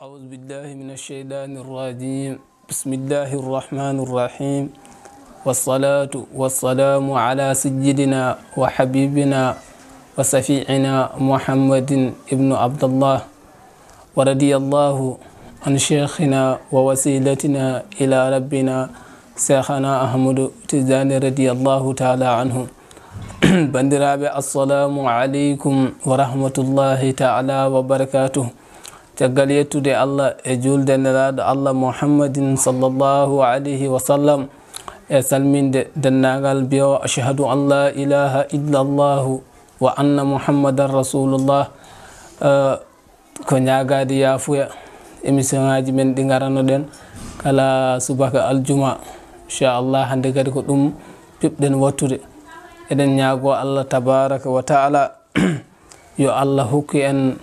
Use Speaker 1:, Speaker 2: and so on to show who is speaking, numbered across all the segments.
Speaker 1: أعوذ بالله من الشيطان الرجيم بسم الله الرحمن الرحيم والصلاة والسلام على سيدنا وحبيبنا وسفيعنا محمد ابن عبد الله ورضي الله عن شيخنا ووسيلتنا إلى ربنا شيخنا أحمد تزاني رضي الله تعالى عنه بندرابي السلام عليكم ورحمة الله تعالى وبركاته caggal yettude allah e julde nelaɗo allah muhammadin sallllahu alayhi wa sallam e salminde dennagal biyowo achhadu an la ilaha illallahu wa anna muhammadan rasulullah ko ñagade yafuya émission ngaji men ɗi garano ɗen kala subaka aljuma inchallah hande kadi ko ɗum piɓɗen wattude eɗen ñaago allah tabaraka wa taala yo allah hokku en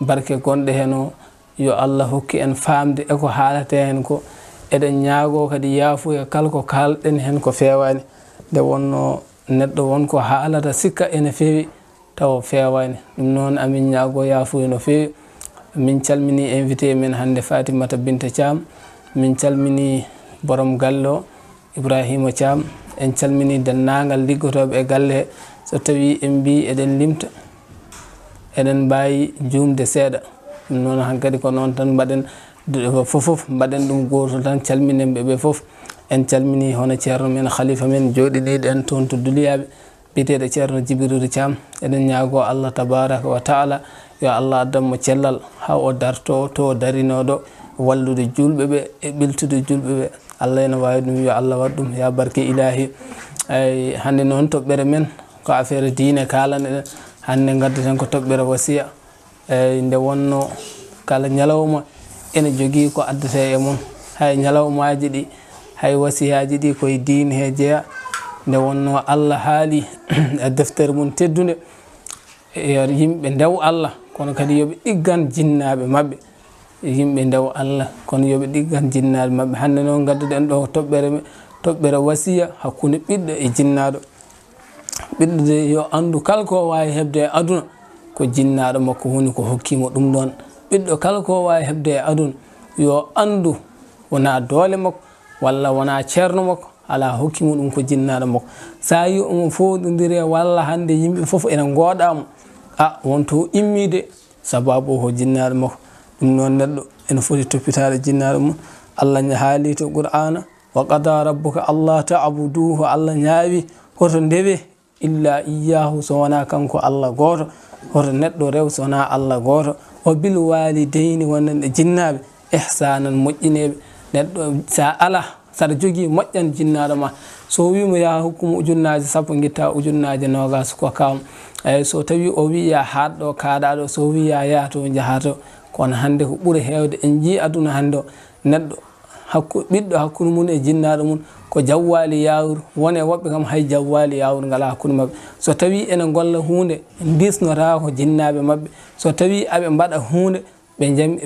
Speaker 1: barke gonɗe hen o yo allah hokki en famde eko haalate hen ko eɗen ñaago kadi yaafuya kala ko kalɗen hen ko fewani nde wonno neɗɗo wonko haalata sikka ene fewi tawa fewani ɗum noon amin ñaago yaafuya no fewi min calmini invité men hannde fatimata binte cam min calmini borom galle o ibrahima cam en calmini dennagal liggotoɓe e galle he so tawi en mbi eɗen limta eɗen mbawi jumde seeɗa ɗum noon han kadi ko noon tan mbaɗen fofoof mbaɗen ɗum gotol tan calminen ɓeɓe foof en calmini hono ceerno men khalifa men joɗiniɗo en toon to duliyaɓe biteɗo ceerno jibirir cam eɗen ñaago allah tabaraka wa taala yo allah addanmo cellal ha o darto to darinoɗo wallude julɓeɓe e ɓiltude julɓeɓe allah ene wawi ɗum yo allah waɗ ɗum ya barke ilahi ay hande noon toɓɓere men ko affaire diine kalan eɗen hannde ngaddaten ko toɓɓere wasiya eyi nde wonno kala ñalawma ene jogii ko addate e mum hay ñalawmaaji ɗi hay wasiyaaji ɗi koye diine he jeya nde wonno allah haali e deftere mum teddunde yo e yimɓe ndew allah kono kadi yoɓe ɗiggan jinnaaɓe maɓɓe yimɓe ndew allah kono yoɓe ɗiggan jinnaaɓe maɓɓe hannde noon ngaddaden ɗo toɓɓere toɓɓere wasiya hakkunde ɓiɗɗo e jinnaaɗo ɓiɗɗo de yo anndu kala ko waawi heɓde e aduna ko jinnaaɗo makko woni ko hokkiimo ɗum ɗoon ɓiɗɗo kala ko waawi heɓde e aduna yo anndu wonaa doole makko walla wonaa ceerno makko alaa hokkimo ɗum ko jinnaaɗo makko so a yi omo fowɗondiri e walla hannde yimɓe fof ene ngooɗaamo a wonto immiide sabaabu ko jinnaaɗo makko ɗum noon neɗɗo ene foti toppitaaɗo jinnaaɗo mum allah haali to qur'ana wa qada rabbuka allah ta abuduhu allah ñaawi koto ndewee illa iyahu so wona kanko allah gooto hoto neɗɗo rew so wona allah gooto o bilwalideyni wonan e jinnaɓe ihsanan moƴƴineɓe neɗɗo sa ala saɗa jogui moƴƴan jinnaɗo ma so wimo yaha hukkum ujunnaji sappo guitta ujunnaji nogas ko kam eyyi so tawi o wi ya haatɗo kaaɗaɗo so wiya yaha to jahato kono hande ko ɓuuri hewde en jii aduna hande o neɗɗo hakku ɓiɗɗo hakkude mum e jinnaɗo mum ko jawwali yawru wone woɓɓe kam hay jawwali yawru ngala hakkude maɓɓe so tawi ene golla hunde disnotako jinnaɓe maɓɓe so tawi aɓe mbaɗa hunde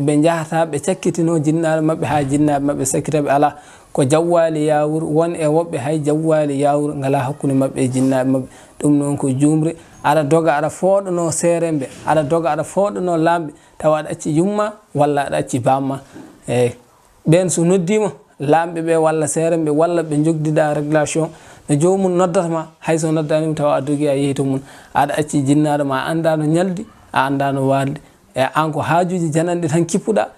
Speaker 1: ɓe jahata ɓe cakkitino jinnaɓe maɓɓe ha jinnaɓe maɓɓe sakkitaɓe ala ko jawwali yawru won e woɓɓe hay jawwali yawru ngala hakkude maɓɓe e jinnaɓe maɓɓe ɗum noon ko jumri aɗa doga aɗa fooɗono seren ɓe aɗa doga aɗa fooɗono lamɓe tawa aɗa acci yumma walla aɗa acci bamma eyi ɓen so noddima laamɓe ɓe walla seerenɓe walla ɓe jogdiɗa réglation no jomum noddatama hayso noddanima tawa a dogui a yeyi tomum aɗa acci jinnaɗo ma a anda no ñaldi a anda no walde e an ko hajuji jananɗe tan kippuɗa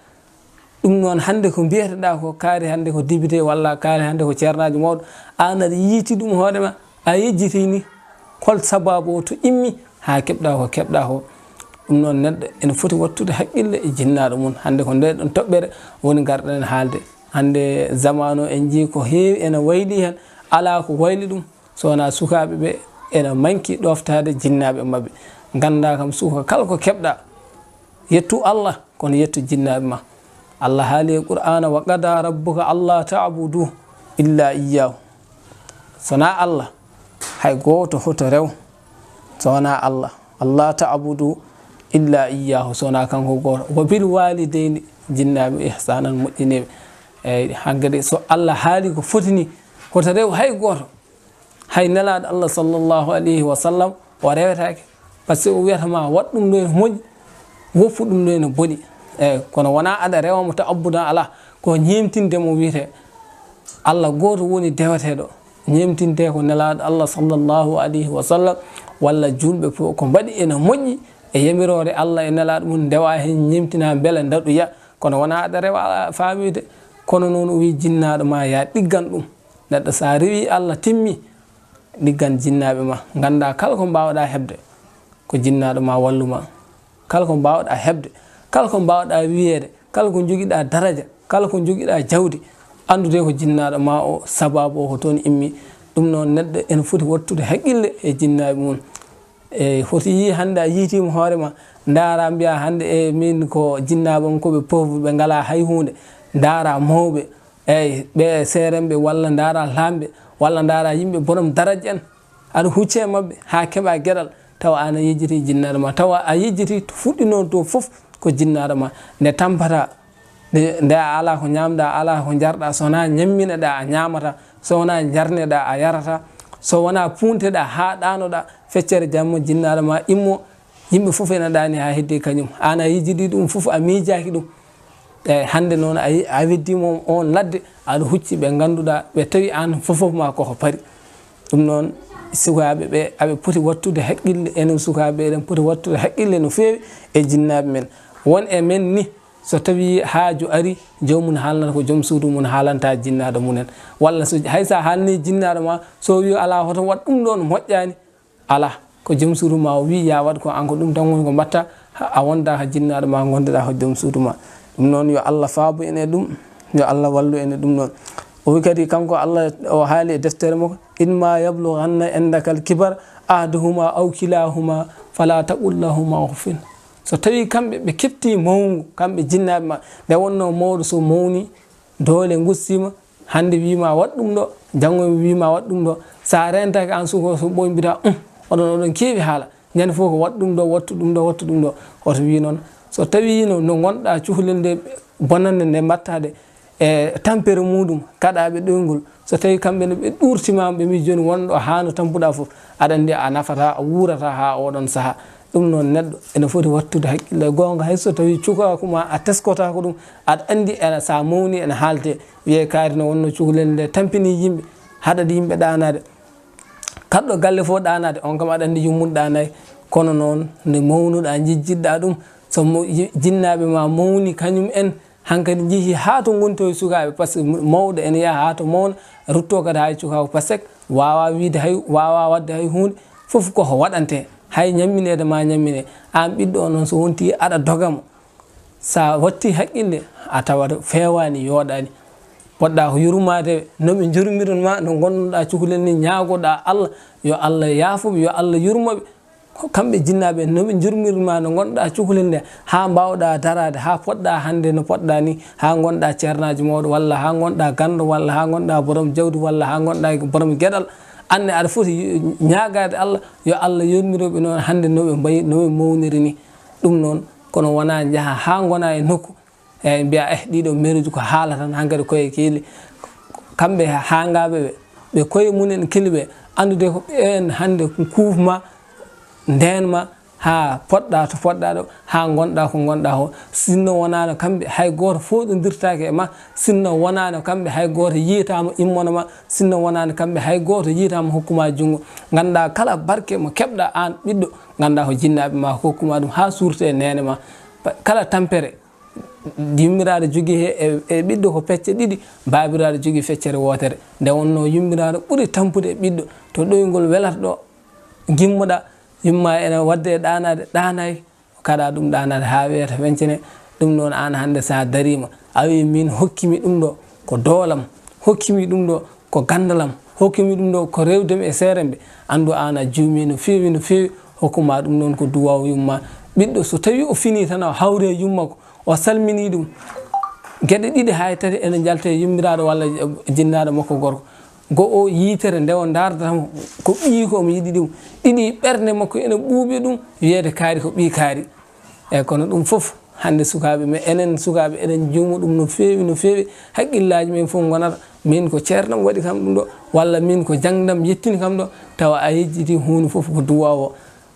Speaker 1: ɗum noon hande ko mbiyeteɗa ko kaari hande ko débuté walla kaari hande ko ceernajo mawɗo an aɗa yiiti ɗum hoorema a yejjitini hol sababu o to immi ha keɓɗa ko keɓɗa ko ɗum noon neɗɗo ene foti wattude haqqille e jinnaɗo mum hande ko ndeɗon toɓɓere woni garɗa en haalde hannde zamanu en ji ko heewi ene wayli hen ala ko wayli ɗum sowona sukaɓe ɓe ene manki ɗoftade jinnaɓe mabɓe ganda kam suka kala ko keɓɗa yettu allah kono yettu jinnaɓe ma allah haali e qur'ana wa gada rabbuka allah tabudu illa iyahu sona allah hay goto hoto rew sowona allah allah tabudu illa iyahu sowona kanko goto wabil walideyni jinnaɓe ihsanan moƴƴineɓe eyyi hagge de so allah haali ko foti ni hoto rew hay gooto hay nelaade allah sallllahu alayhi wa sallam o rewetaake par ce que o wiyatama wat ɗum ɗo no e moƴi woppu ɗum ɗo e no boɗi eyyi kono wona aɗa rewamo ta abbuda ala ko ñemtindemo wiyete allah gooto woni deweteɗo ñemtinte ko nelaaɗo allah sallllahu alayhi wa sallam walla julɓe fo ko mbaɗi ene moƴƴi e yamirore allah e nelaaɗo mum dewa hen ñemtina beele daɗoya kono wona aɗa rewa faamide kono noon o wi jinnaɗo ma ya ɗiggan ɗum neɗɗo sa rewi allah timmi ɗiggan jinnaɓe ma ganda kala ko mbawɗa hebde ko jinnaɗo ma walluma kala ko mbawɗa hebde kala ko mbawɗa wiyede kala ko joguiɗa daraja kala ko joguiɗa jawdi andude ko jinnaɗo ma o sababu o ko toon immi ɗum noon neɗɗo ene foti wattude haqqille e jinnaɓe mum e foti yi hande a yitima hoorema dara mbiya hande e min ko jinnaɓe on koɓe peuve ɓe ngala hay hunde ndaara mawɓe eyi ɓe seerenɓe walla ndaara laamɓe walla ndaara yimɓe borom daradje en aɗa hucce e maɓɓe haa keɓa geɗal tawa ana yejjiti jinnaare ma tawa a yejjiti to fuɗɗino to fof ko jinnaare ma nde tampata nde a ala ko ñamɗa a ala ko jarɗa so wona ñamminaɗa a ñamata so wona jarneɗa a yarata so wona punteɗa haa ɗanoɗa feccere jamma jinnaare ma immo yimɓe fof ene ɗani ha heddi kañum ana yejjiɗi ɗum fof a miijaki ɗum eyi hannde noon a a weddimoom on ladde aɗa hucci ɓe ngannduɗaa ɓe tawi aan fofof ma koko pari ɗum noon sukaaɓe ɓe aɓe poti wattude haqqille enen sukaaɓe ɓeɗen poti wattude haqqille no feewi e jinnaaɓe men won e men ni so tawi haaju ari jomum haalnata ko joom suudu mum haalanta jinnaaɗo munen walla so hay so a haalni jinnaaɗo ma so wi alaa hoto waɗ ɗum ɗoon moƴƴaani alaa ko joom suudu ma o wi ya waɗ ko an ko ɗum tan woni ko mbatta a wondaa ko jinnaaɗo ma gonnduɗaa ko joom suudu ma ɗum noon yo allah faabu ene ɗum yo allah wallu ene ɗum noon o wi kadi kanko allah o haali e deftere mo inma yablouganna endakal kibar ahduhuma aw kilahuma fala taqullahuma ofin so tawi kamɓe ɓe kefti mawngu kamɓe jinnaɓe ma nde wonno mawɗo so mawni doole gussima hannde wima waɗ ɗum ɗo janngo e wima waɗ ɗum ɗo sa rentaki an suko so ɓoy mbita um oɗon oɗon keewi haala ñande fof ko waɗ ɗum ɗo wattu ɗum ɗo wattu ɗum ɗo oto wi noon so tawino no gonɗa cuhlel nde bonande nde mbattade e tempere muɗum kaɗaɓe ɗoygol so tawi kamɓene ɓe ɗurtimama ɓe mbi joni wonɗo hano tampuɗa foof aɗa andi a nafata a wurata ha oɗon saaha ɗum noon neɗɗo ene foti wattude hakqille e gonga hay so tawi cukakuma a teskotako ɗum aɗa andi ene sa mawni ene haalte wiye kaari no wonno cuhlel nde tampini yimɓe haɗat yimɓe ɗanade kaɗɗo galle fo ɗanade on kam aɗa andi yummuɗ ɗanayi kono noon nde mawnuɗa jijjiɗɗa ɗum so jinnaɓe ma mawni kañum en hankkadi jeehi ha to gonto e sukaɓe par ce que mawɗo ene yaha ha to mawna rutto kadi hay sukako par ce que wawa wiide hay wawa wadde hay hunde foof koko waɗante hay ñamminede ma ñammine an ɓiɗɗo noon so wonti aɗa dogamo sa watti haqqille a tawata fewani yooɗani poɗɗa ko yurmadeɓe noɓe jurmiron ma no gonnoɗa cukalel ni ñagoɗa allah yo allah yaafoɓe yo allah yurmoɓe kamɓe jinnaɓe no ɓe jurmirma no gonɗa cuhlel nde ha mbawɗa darade ha poɗɗa hande no poɗɗa ni ha gonɗa ceernaji mawɗo walla ha gonɗa gandu walla ha gonɗa borom jawdi walla ha gonɗa borom gueɗal anne aɗa foti ñagade allah yo allah yurmiroɓe noon hande noɓe mbayi noɓe mawniri ni ɗum noon kono wona jaaha ha gona e nokku eyyi mbiya eh ɗiɗo mairuji ko haala tan hankkadi koye keeli kamɓe ha gaɓeɓe ɓe koye mumen keeli ɓe andude ko ɓeen hande kuufma ndenma ha poɗɗa to poɗɗa ɗo ha gonɗa ko gonɗa ko sinno wonano kamɓe hay goto foɗodirtake e ma sinno wonano kamɓe hay goto yiitama immono ma sinno wonano kamɓe hay goto yiitama hokkuma junggo ganduɗa kala barke mo keɓɗa an ɓiɗɗo ganduɗa ko jinnaɓe ma hokkuma ɗum ha surte nene ma kala tampere yummiraɗo jogui he e, e ɓiɗɗo ko pecce ɗiɗi babiraɗo jogui feccere wotere nde wonno yummiraɗo ɓuuri tampude e ɓiɗɗo to ɗoygol welata ɗo gimmuɗa yumma ene wadde e ɗanade ɗanayi kaɗa ɗum ɗanade ha weeta wencene ɗum ɗon an hande sa darima a wi min hokkimi ɗum ɗo ko doolam hokkimi ɗum ɗo ko gandalam hokkimi ɗum ɗo ko rewdemi e seere mbe andu an a juumi no fewi no fewi hokkuma ɗum ɗon ko duwao yumma ɓiɗɗo so tawi o fini tan o hawre yumma ko o salmini ɗum gueɗe ɗiɗi hay tati ene jalte yummiraɗo walla e jinnaɗo makko gorko go o yitere nde o dardatamo ko ɓiikomo yiɗi ɗum ɗiɗi ɓerde makko ene ɓuuɓe ɗum wiyeede kaari ko ɓii kaari eyyi kono ɗum fof hannde sukaaɓe me enen sukaaɓe eɗen jumu ɗum no feewi no feewi haqqillaaji min fof gonata min ko ceerdam waɗi kam ɗum ɗo walla min ko jangdam yettini kam ɗo tawa a yejjiti huunde fof ko duwawo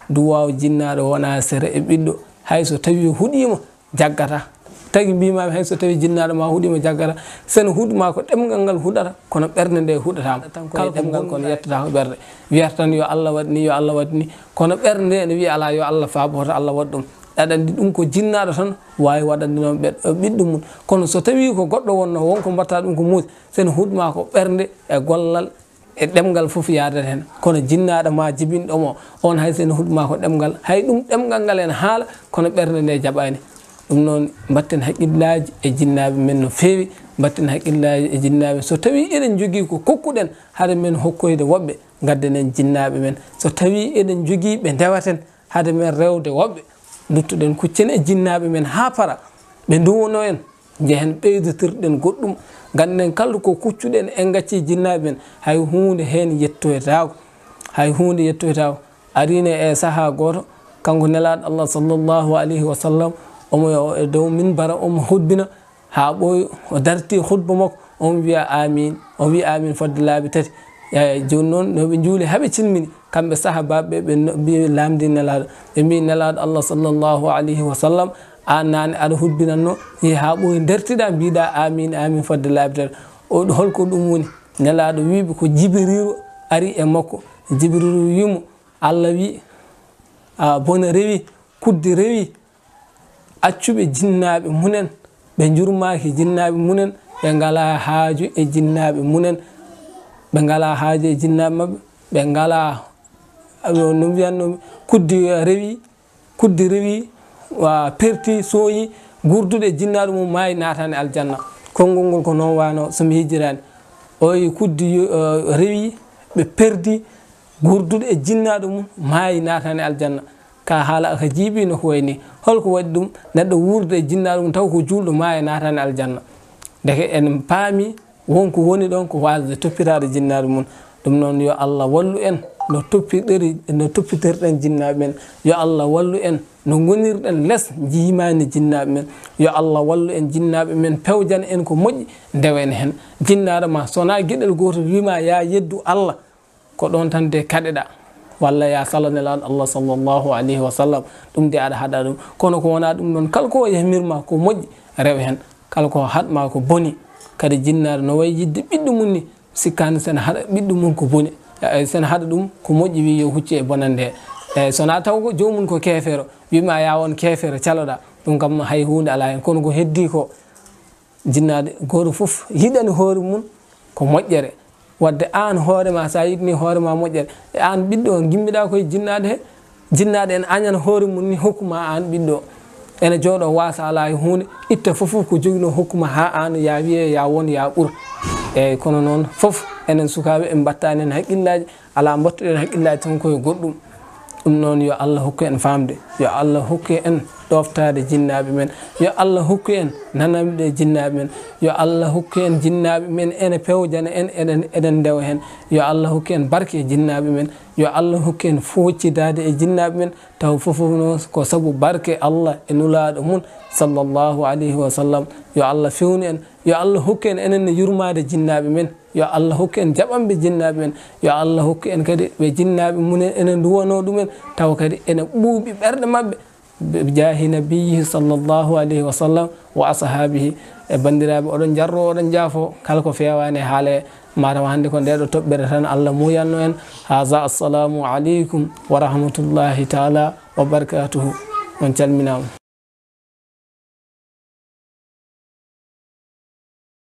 Speaker 1: duwawo jinnaɗo wona sere e ɓiɗɗo hay so tawi huuɗima jaggata tagi mbimami hay so tawi jinnaɗo ma huuɗima jaggata sene huuɗima ko ɗemgal ngal huuɗata kono ɓerde nde huuɗatama kala ɗemgal kono yettatako ɓerde wiyata tan yo allah waɗ ni yo allah waɗ ni kono ɓerde nde ne wiya ala yo allah faaboto allah waɗ ɗum aɗandi ɗum ko jinnaɗo tan wawi waɗande noon ɓiɗɗo mum kono so tawi ko goɗɗo wonno wonko mbatta ɗum ko muusi sene huuɗima ko ɓerde e gollal e ɗemgal foof yadata hen kono jinnaɗo ma jibinɗomo on hay sene huuɗima ko ɗemgal hay ɗum ɗemgal ngal en haala kono ɓerde nde jaɓani ɗum noon mbatten haqqillaji e jinnaaɓe men no feewi mbatten haqqillaji e jinnaaɓe so tawi eɗen jogii ko kokkuɗen hade men hokkoyde woɓɓe ngaddenen jinnaaɓe men so tawi eɗen jogii ɓe ndewaten hade men rewde woɓɓe luttuɗen kuccen e jinnaaɓe men haa para ɓe nduwono en njehen ɓeydotirɗen goɗɗum ngannden kala ko kuccuɗen en gacci jinnaaɓe men hay huunde heen yettoytaako hay huunde yettoytaako ariine e saha gooto kanko nelaaɗo allah sallllahu alayhi wa sallam omoya e dow min bara omo hutbina ha ɓooyi o darti hutba makko on wiya amin o wiya amin fodde laabi tati eyi joni noon noɓe juuli haɓe cilmini kamɓe saaha baɓeɓe ɓe mbi lamdi nelaɗo ɓe mbi nelaɗo allah sallllahu alayhi wa sallam a nane aɗa hutbinanno yehi ha ɓooyi dartiɗa mbiɗa amin amin fodde laabi tati o holko ɗum woni nelaɗo wiɓe ko jibriru ari e makko jibriru wimo allah wi bona rewi kudde rewi accuɓe jinnaɓe munen ɓe jurmaki jinnaɓe munen ɓe ngala haaju e jinnaɓe munen ɓe ngala haaju e jinnaɓe maɓɓe ɓe ngala no mbiyanno kuddi rewi kuddi rewi wa perti sooyi gurdude jinnaɗo mum maayi naatani aljanna konngol ngol ko noon wano somi hijirani oyi kuddi eh, rewi ɓe perdi gurdude e jinnaɗo mum maayi naatani aljanna ka haala aka jiibi no ko way ni holko waɗi ɗum neɗɗo wuurdo e jinna ɗum taw ko julɗo ma e natani aljanna deke en paami wonko woni ɗon ko wasde toppitade jinnaɗo mum ɗum noon yo allah wallu en no toppiɗeri no toppitirɗen jinnaɓe men yo allah wallu en no gonirɗen less jimani jinnaɓe men yo allah wallu en jinnaɓe men pewjana en ko moƴƴi ndewen hen jinnaɗo ma sowona gueɗel goto wima ya yeddu allah ko ɗon tan de kaɗeɗa walla ya salanelan allah salllahu alayhi wa sallam ɗum de aɗa haɗa ɗum kono ko wona ɗum noon kala ko yamirma ko moƴƴi rew hen kala ko haɗma ko booni kadi jinnare no way yidde ɓiɗɗo mum ni sikkani sene haɗa ɓiɗɗo mum ko booni e, sene haɗa ɗum ko moƴƴi wi yo hucci e bonande eyyi e, sona taw ko jomum ko kefere wima yawon kefere caloɗa ɗum kam hay hunde ala hen kono ko heddi ko jinnade goto foof yiɗani hoore mum ko moƴƴere wadde an hoorema sa yiɗini hoorema moƴƴere e an ɓiɗɗo gimmiɗa koye jinnaɗe he jinnaɗe en añan hoore mum ni hokkuma an ɓiɗɗo ene jooɗo wasa alaye hunde itta fofof ko joguino hokkuma ha an ya wiye ya won ya ɓuura eyyi kono noon foof enen sukaɓe en battani en haqqillaji ala mbattuɗen haqqillaji tan koye goɗɗum ɗum noon yo allah hokku en famde yo allah hokku en ɗoftade jinnaaɓe men yo allah hokku en nanamɓe jinnaaɓe men yo allah hokku en jinnaaɓe men ene pewjana en eɗen ndewa hen yo allah hokku en barke e jinnaaɓe men yo allah hokku en foccidade e jinnaaɓe men taw fofof no ko sabu barke allah e nulaaɗo mum sallllahu alayhi wa sallam yo allah fewnu en yo allah hokku en enenne yurmade jinnaaɓe men yo allah hokku en jaɓanɓe jinnaaɓe men yo allah hokku en kadi ɓe jinnaaɓe mumen ene nduwano ɗumen taw kadi ene ɓuuɓi ɓerɗe maɓɓe jaahi nabiyihi sallllahu alayhi wa sallam wa asahabihi e banndiraaɓe oɗon jarro oɗon jaafo kala ko feewaani e haale matama hannde ko ndeɗo toɓɓere tan allah muuyanno en haga assalamu aleykum wa rahmatullahi taala wa barkatuhu on calminaama